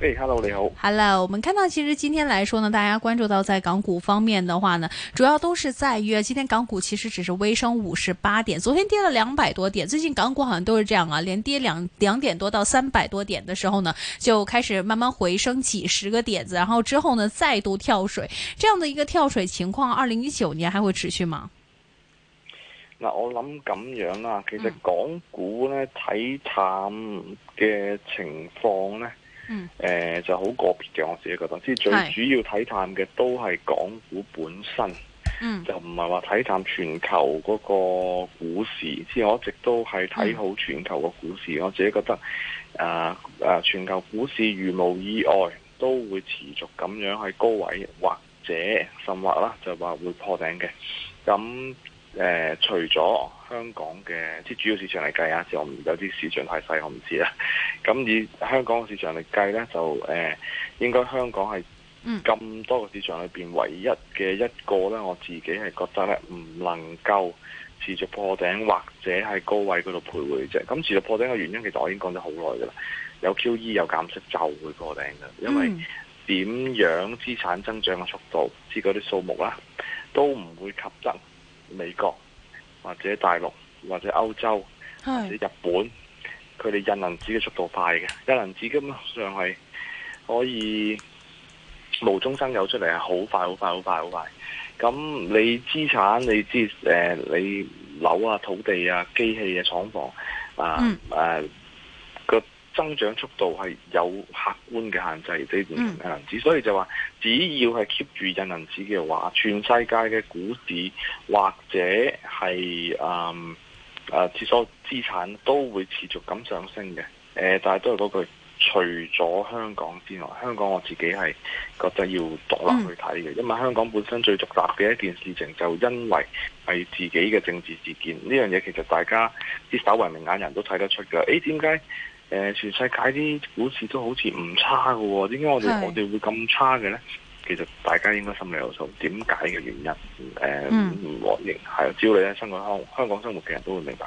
Hey、hello 你好。Hello，我們看到其實今天來說呢，大家關注到在港股方面的話呢，主要都是在於、啊、今天港股其實只是微升五十八點，昨天跌了兩百多點。最近港股好像都是這樣啊，連跌兩兩點多到三百多點的時候呢，就開始慢慢回升幾十個點子，然後之後呢再度跳水，這樣的一個跳水情況，二零一九年還會持續嗎？嗱、嗯，我諗咁樣啊，其實港股呢，睇淡嘅情況呢。嗯、 呃，就好個別嘅，我自己覺得，之最主要睇淡嘅都係港股本身，是的嗯，就唔係話睇淡全球嗰個股市，之我一直都係睇好全球嘅股市，我自己覺得，啊、呃呃、全球股市如無意外都會持續咁樣喺高位或者甚或啦，就話會破頂嘅，咁。誒、呃，除咗香港嘅，即係主要市場嚟計啊，就有啲市場太細，我唔知啦。咁以香港嘅市場嚟計呢就誒、呃，應該香港係咁多個市場裏邊唯一嘅一個呢，我自己係覺得呢，唔能夠持續破頂或者係高位嗰度徘徊啫。咁持續破頂嘅原因，其實我已經講咗好耐噶啦，有 Q E 有減息就會破頂噶，因為點樣資產增長嘅速度，知嗰啲數目啦，都唔會及得。美國或者大陸或者歐洲或者日本，佢哋印銀紙嘅速度快嘅，印銀紙基本上係可以無中生有出嚟，係好快好快好快好快。咁你資產，你知誒、呃、你樓啊、土地啊、機器啊、廠房啊、呃嗯增長速度係有客觀嘅限制的，呢段銀紙，所以就話只要係 keep 住印銀紙嘅話，全世界嘅股市或者係誒所諸多資產都會持續咁上升嘅、呃。但係都係嗰句，除咗香港之外，香港我自己係覺得要獨立去睇嘅，嗯、因為香港本身最複雜嘅一件事情就因為係自己嘅政治事件呢樣嘢，其實大家啲稍微明眼人都睇得出㗎。誒、欸，點解？誒，全世界啲股市都好似唔差喎，點解我哋的、嗯、我哋會咁差嘅咧？其實大家應該心裏有數，點解嘅原因，誒唔獲認，係只要你喺香港香港生活嘅人都會明白。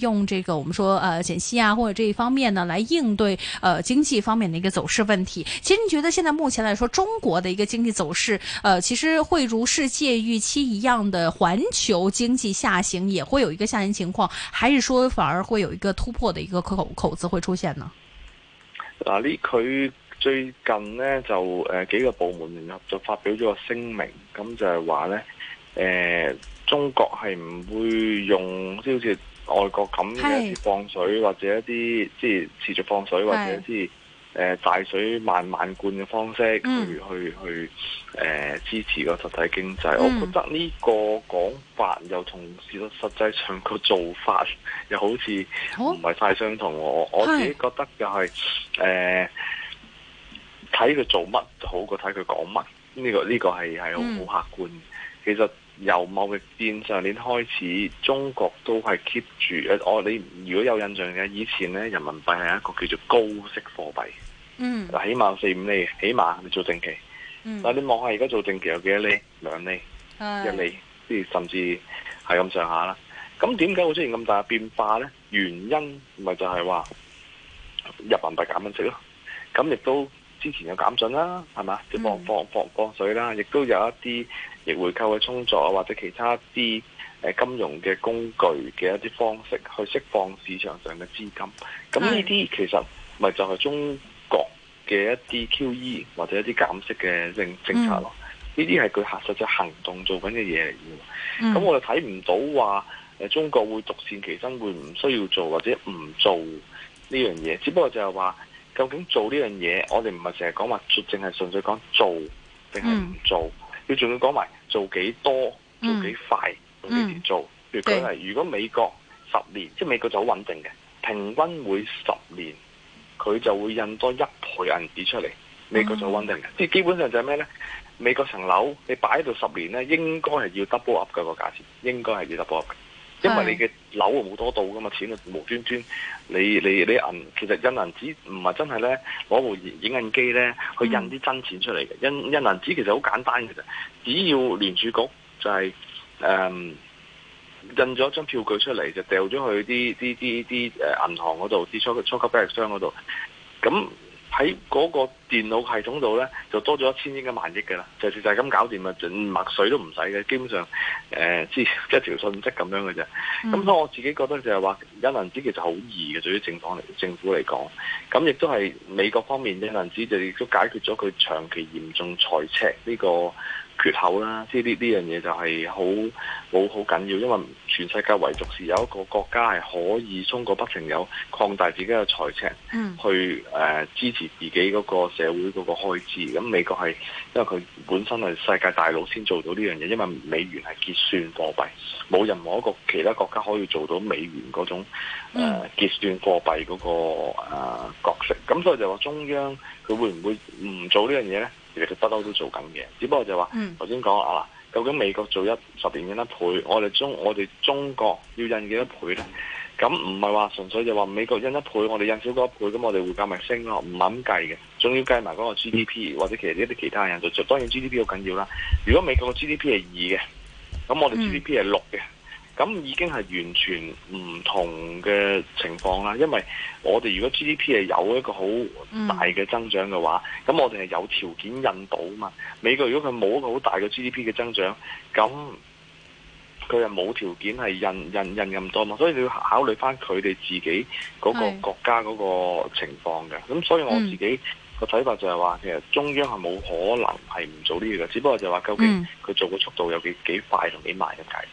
用這個我們說呃減息啊，或者這一方面呢，來應對呃經濟方面的一個走勢問題。其實你覺得現在目前來說，中國的一個經濟走勢，呃，其實會如世界預期一樣的，環球經濟下行也會有一個下行情況，還是說反而會有一個突破的一個口口子會出現呢？嗱，呢佢最近呢，就誒幾個部門聯合就發表咗個聲明，咁就係話呢，誒、呃，中國係唔會用即係。好外國咁嘅放水，是或者一啲即係持續放水，是或者即係誒、呃、大水漫漫灌嘅方式、嗯、去去去誒、呃、支持個實體經濟。嗯、我覺得呢個講法又同事實實際上個做法又好似唔係太相同。我、哦、我自己覺得就係誒睇佢做乜好過睇佢講乜，呢、呢個呢、呢個係係好客觀。其實。由貿易戰上年開始，中國都係 keep 住誒，我、啊、你如果有印象嘅，以前咧人民幣係一個叫做高息貨幣，嗯，嗱起碼四五厘，起碼你做定期，但、嗯、你望下而家做定期有幾多厘？兩厘、的一厘，即係甚至係咁上下啦。咁點解會出現咁大嘅變化咧？原因咪就係話人民幣減緊息咯，咁亦都。之前有減準啦，係嘛？放放放放水啦，亦都有一啲逆回購嘅操作啊，或者其他啲誒金融嘅工具嘅一啲方式去釋放市場上嘅資金。咁呢啲其實咪就係中國嘅一啲 QE 或者一啲減息嘅政政策咯。呢啲係佢實際行動在做緊嘅嘢嚟嘅。咁我哋睇唔到話誒中國會獨善其身，會唔需要做或者唔做呢樣嘢，只不過就係話。究竟做呢樣嘢，我哋唔係成日講話，淨係純粹講做定係唔做，做，嗯、要仲要講埋做幾多，做幾快，幾時、嗯、做、做？嗯、如果係的如果美國十年，即係美國就好穩定嘅，平均每十年佢就會印多一倍銀紙出嚟。美國就好穩定嘅，即係、嗯、基本上就係咩呢？美國層樓你擺喺度十年呢，應該係要 double up 嘅個價錢，應該係要 double up 因為你嘅樓啊冇多到噶嘛，錢啊無端端，你你你銀其實印銀紙唔係真係咧，攞部影印機咧去印啲真錢出嚟嘅，印印銀紙其實好簡單，其實，只要聯儲局就係誒印咗張票據出嚟就掉咗去啲啲啲啲誒銀行嗰度啲初級初級發行商嗰度，咁。喺嗰個電腦系統度咧，就多咗一千億、一萬億嘅啦，就實在咁搞掂啊，樽墨水都唔使嘅，基本上誒，只、呃、一條訊息咁樣嘅啫。咁所以我自己覺得就係話，印銀紙其實好易嘅，對於政府嚟講，咁亦都係美國方面印銀紙就亦都解決咗佢長期嚴重財赤呢、呢個缺口啦，即係呢呢樣嘢就係好好好緊要，因為全世界唯獨是有一個國家係可以通過不停有擴大自己嘅財政去，去誒、mm. 呃、支持自己嗰個社會嗰個開支。咁美國係因為佢本身係世界大佬先做到呢樣嘢，因為美元係結算貨幣，冇任何一個其他國家可以做到美元嗰種誒、mm. 呃、結算貨幣嗰、嗰個誒、呃、角色。咁所以就話中央佢會唔會唔做呢樣嘢咧？其實不嬲都做緊嘅，只不過就話頭先講啊啦，究竟美國做一十年一倍，我哋中我哋中國要印幾多倍咧？咁唔係話純粹就話美國印一倍，我哋印少過一倍，咁我哋匯價咪升咯？唔肯咁計嘅，仲要計埋嗰個 GDP，或者其實一啲其他人就當然 GDP 好緊要啦。如果美國嘅 GDP 係二嘅，咁我哋 GDP 係六嘅。嗯咁已經係完全唔同嘅情況啦，因為我哋如果 GDP 係有一個好大嘅增長嘅話，咁、嗯、我哋係有條件印到啊嘛。美國如果佢冇一個好大嘅 GDP 嘅增長，咁佢係冇條件係印印印咁多嘛。所以你要考慮翻佢哋自己嗰個國家嗰個情況嘅。咁是所以我自己個睇法就係話，嗯、其實中央係冇可能係唔做呢嘢嘅，只不過就話究竟佢做個速度有幾幾快同幾慢咁解。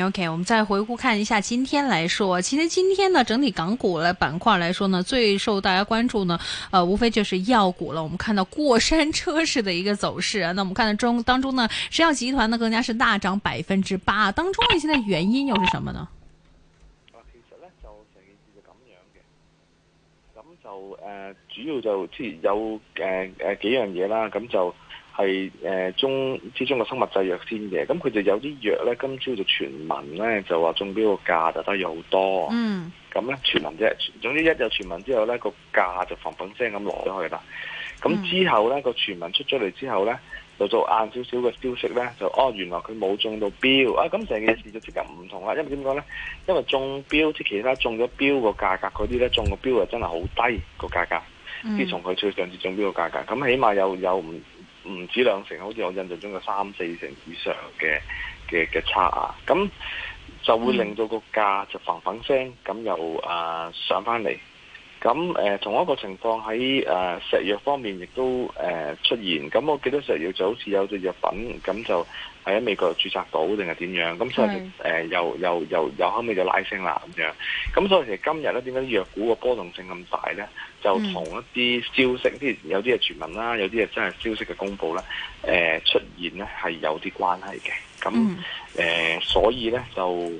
OK，我們再回顧看一下今天來說，其實今天呢，整體港股的板塊來說呢，最受大家關注呢，呃，無非就是藥股了。我們看到過山車式的一個走勢啊。那我們看到中當中呢，石藥集團呢，更加是大漲百分之八。當中一些的原因又是什麼呢？啊，其實呢，就成件事這樣的那就咁樣嘅，咁就誒，主要就即係有誒誒、呃、幾樣嘢啦，咁就。係誒、呃、中之中嘅生物製藥先嘅，咁佢就有啲藥咧。今朝就傳聞咧，就話中標個價就低咗好多。嗯，咁咧傳聞啫、就是，總之一有傳聞之後咧，個價就砰砰聲咁落咗去啦。咁之後咧個、嗯、傳聞出咗嚟之後咧，就做晏少少嘅消息咧，就哦原來佢冇中到標啊！咁成件事就即刻唔同啦，因為點講咧？因為中標即其他中咗標個價格嗰啲咧，中個標啊真係好低個價格，價格嗯、自從佢最上次中標個價格咁，起碼又有唔～唔止兩成，好似我印象中嘅三四成以上嘅嘅嘅差啊，咁就會令到個價就嘭嘭聲咁又啊、呃、上翻嚟。咁誒同一個情況喺誒石藥方面亦都誒出現，咁我記得石藥就好似有隻藥品，咁就係喺美國註冊到定係點樣，咁所以誒又是 又又又後尾就拉升啦咁樣。咁所以其實今日咧，點解啲藥股個波動性咁大咧？就同一啲消息，啲、嗯、有啲係傳聞啦，有啲係真係消息嘅公佈啦，誒出現咧係有啲關係嘅。咁誒、嗯呃、所以咧就。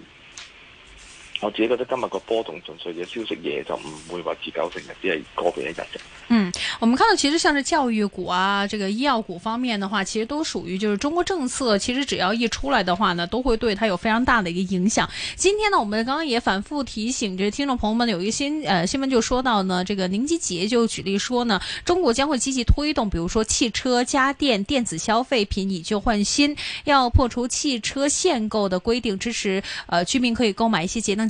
我自己覺得今日個波動純粹嘅消息嘢就唔會話持久性，只係個別一日嘅。嗯，我們看到其實像是教育股啊，這個醫藥股方面的話，其實都屬於就是中國政策，其實只要一出來的話呢，都會對它有非常大的一個影響。今天呢，我們剛剛也反覆提醒，就是、聽聽眾朋友們有一新呃新聞就說到呢，這個寧吉喆就舉例說呢，中國將會積極推動，比如說汽車、家電、電子消費品以舊換新，要破除汽車限購的規定，支持呃居民可以購買一些節能。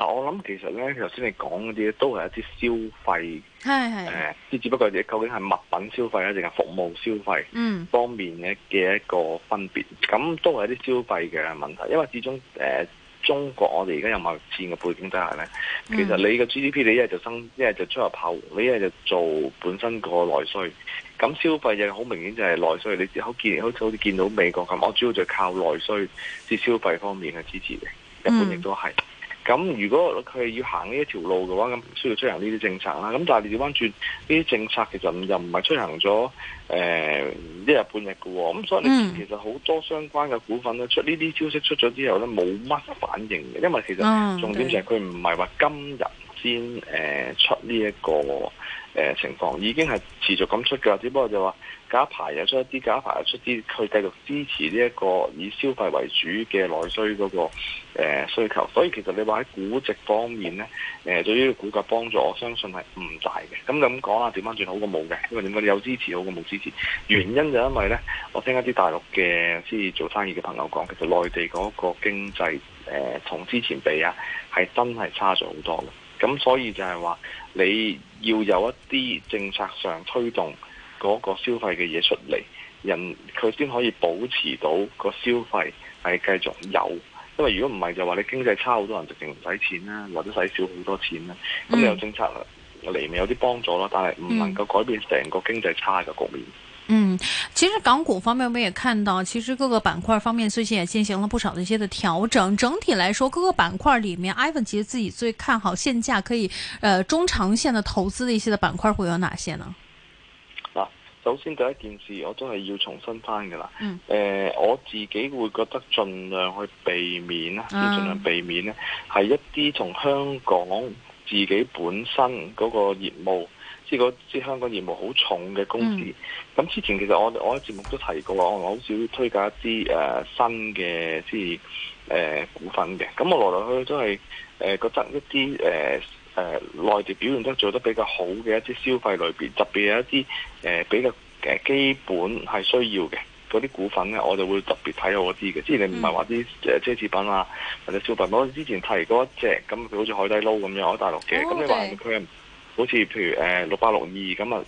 嗱，但我諗其實咧，頭先你講嗰啲都係一啲消費，係係誒，即只不過是究竟係物品消費咧，定係服務消費，嗯，方面嘅嘅一個分別，咁、嗯、都係一啲消費嘅問題，因為始終誒、呃，中國我哋而家有貿易戰嘅背景底下咧，嗯、其實你嘅 GDP 你一係就生，一係就出入跑，你一係就做本身個內需，咁消費又好明顯就係內需，你好見好好似見到美國咁，我主要就是靠內需啲消費方面去支持嘅，日本亦都係。嗯嗯咁如果佢要行呢一條路嘅話，咁需要推行呢啲政策啦。咁但係你調翻轉，呢啲政策其實又唔係推行咗誒、呃、一日半日㗎喎、哦。咁所以你其實好多相關嘅股份咧，出呢啲消息出咗之後咧，冇乜反應嘅，因為其實重點就係佢唔係話今日先誒出呢、這、一個。誒、呃、情況已經係持續咁出噶，只不過就話假一排又出一啲，假一排又出啲，佢繼續支持呢一個以消費為主嘅內需嗰、嗰個、呃、需求。所以其實你話喺估值方面咧，誒對於股價幫助，我相信係唔大嘅。咁咁講啊，調翻轉好過冇嘅，因為點解有支持好過冇支持？原因就因為咧，我聽一啲大陸嘅即係做生意嘅朋友講，其實內地嗰個經濟同、呃、之前比啊，係真係差咗好多。咁所以就係話，你要有一啲政策上推動嗰個消費嘅嘢出嚟，人佢先可以保持到個消費係繼續有。因為如果唔係就話你經濟差，好多人直情唔使錢啦、啊，或者使少好多錢啦、啊。咁你有政策嚟咪有啲幫助咯，但係唔能夠改變成個經濟差嘅局面。嗯，其實港股方面，我哋也看到，其實各個板塊方面最近也進行了不少的一些的調整。整體來說，各個板塊裏面，Ivan 其實自己最看好現價可以，呃，中長線的投資的一些的板塊會有哪些呢？首先第一件事，我都係要重新翻噶啦。嗯、呃。我自己會覺得盡量去避免咧，要、啊、盡量避免呢係一啲從香港自己本身嗰個業務。呢個香港業務好重嘅公司，咁、嗯、之前其實我我喺節目都提過喇，我好少推介一啲誒、啊、新嘅即係誒股份嘅。咁我來來去去都係誒覺得一啲誒誒內地表現都做得比較好嘅一啲消費類別，特別係一啲誒、啊、比較誒基本係需要嘅嗰啲股份咧，我就會特別睇好嗰啲嘅。即係你唔係話啲誒奢侈品啊，或者消費品。我之前提過一隻，咁佢好似海底撈咁樣，喺大陸嘅。咁、okay. 你話佢？好似譬如誒、呃、六八六二咁啊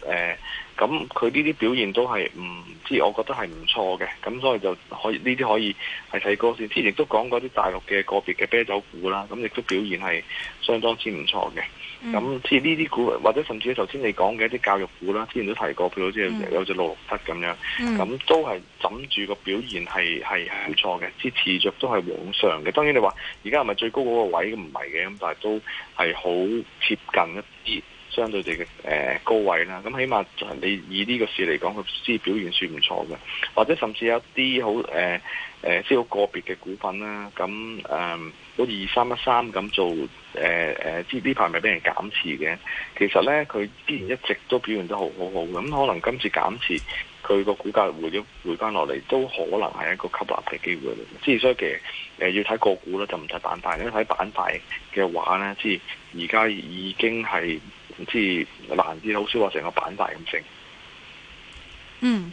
咁佢呢啲表現都係唔，知、嗯、我覺得係唔錯嘅，咁所以就可以呢啲可以係睇高先過。之前亦都講過啲大陸嘅個別嘅啤酒股啦，咁亦都表現係相當之唔錯嘅。咁似呢啲股或者甚至頭先你講嘅一啲教育股啦，之前都提過，譬如好似有隻六六七咁樣，咁、嗯、都係枕住個表現係係唔錯嘅，即持續都係往上嘅。當然你話而家係咪最高嗰個位唔係嘅，咁但係都係好接近一啲。相對地嘅誒高位啦，咁起碼就係你以呢個市嚟講，佢先表現算唔錯嘅，或者甚至有啲好誒誒，即係好個別嘅股份啦。咁誒好似二三一三咁做誒誒，知呢排咪俾人減持嘅。其實咧，佢之前一直都表現得好好好好好嘅，咁可能今次減持佢個股價回咗回翻落嚟，都可能係一個吸納嘅機會嚟。即係所以其實誒、呃、要睇個股咧，就唔睇板塊；咧睇板塊嘅話咧，知而家已經係。唔知難啲，好少話成個板塊咁升。嗯。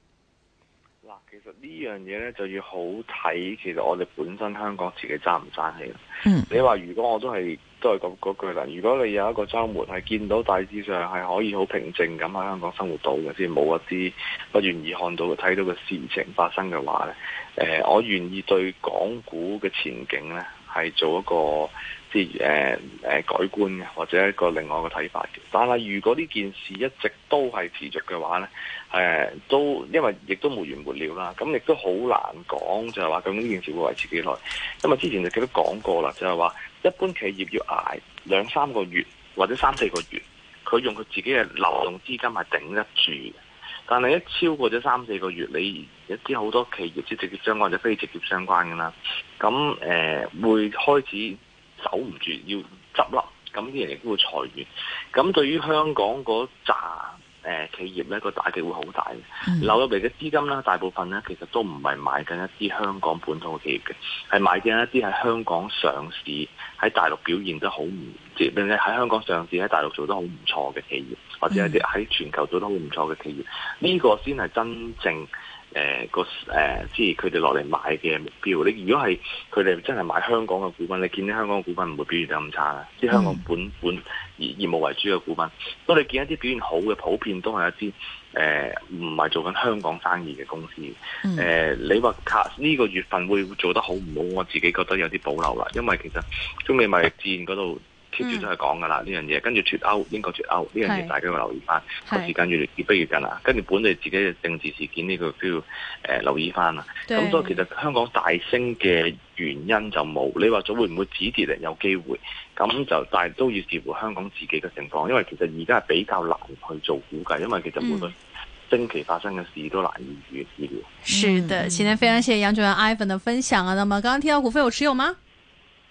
這樣東西呢樣嘢咧就要好睇，其實我哋本身香港自己爭唔爭氣啦。嗯，你話如果我都係都係咁嗰句啦，如果你有一個週末係見到大致上係可以好平靜咁喺香港生活到嘅，即係冇一啲不願意看到睇到嘅事情發生嘅話咧，誒、嗯呃，我願意對港股嘅前景咧係做一個。啲誒、呃呃、改觀嘅，或者一個另外一個睇法嘅。但係如果呢件事一直都係持續嘅話咧，誒、呃、都因為亦都冇完冇了啦，咁亦都好難講就係話咁呢件事會維持幾耐。因為之前就亦都講過啦，就係話一般企業要捱兩三個月或者三四個月，佢用佢自己嘅流動資金係頂得住嘅。但係一超過咗三四個月，你一啲好多企業即直接相關或者非直接相關嘅啦，咁誒、呃、會開始。走唔住要執笠，咁啲人亦都會裁員，咁對於香港嗰扎、呃、企業咧，個打擊會好大嘅。流入嚟嘅資金啦，大部分咧其實都唔係買緊一啲香港本土嘅企業嘅，係買緊一啲喺香港上市喺大陸表現得好唔，或者喺香港上市喺大陸做得好唔錯嘅企業，或者一啲喺全球做得好唔錯嘅企業，呢、呢個先係真正。誒個誒，即係佢哋落嚟買嘅目標。你如果係佢哋真係買香港嘅股份，你見啲香港嘅股份唔會表現得咁差啦，即係香港本本以業務為主嘅股份，不過你見一啲表現好嘅，普遍都係一啲誒唔係做緊香港生意嘅公司。誒、嗯呃，你話卡呢個月份會做得好唔好？我自己覺得有啲保留啦，因為其實中美貿易戰嗰度。keep 住都係講噶啦呢樣嘢，嗯、跟住脱歐，英國脱歐呢樣嘢大家要留意翻，個是 時間越嚟越迫越緊啦。跟住本地自己嘅政治事件呢，個都要誒留意翻啦。咁對、嗯、所以其實香港大升嘅原因就冇，你話咗會唔會止跌嚟？有機會，咁就但係都要視乎香港自己嘅情況，因為其實而家係比較難去做估計，因為其實每個星期發生嘅事都難以預知。嗯、是的，前天非常謝謝楊俊文阿 Ivan 嘅分享啊！那麼剛剛聽到股份有持有嗎？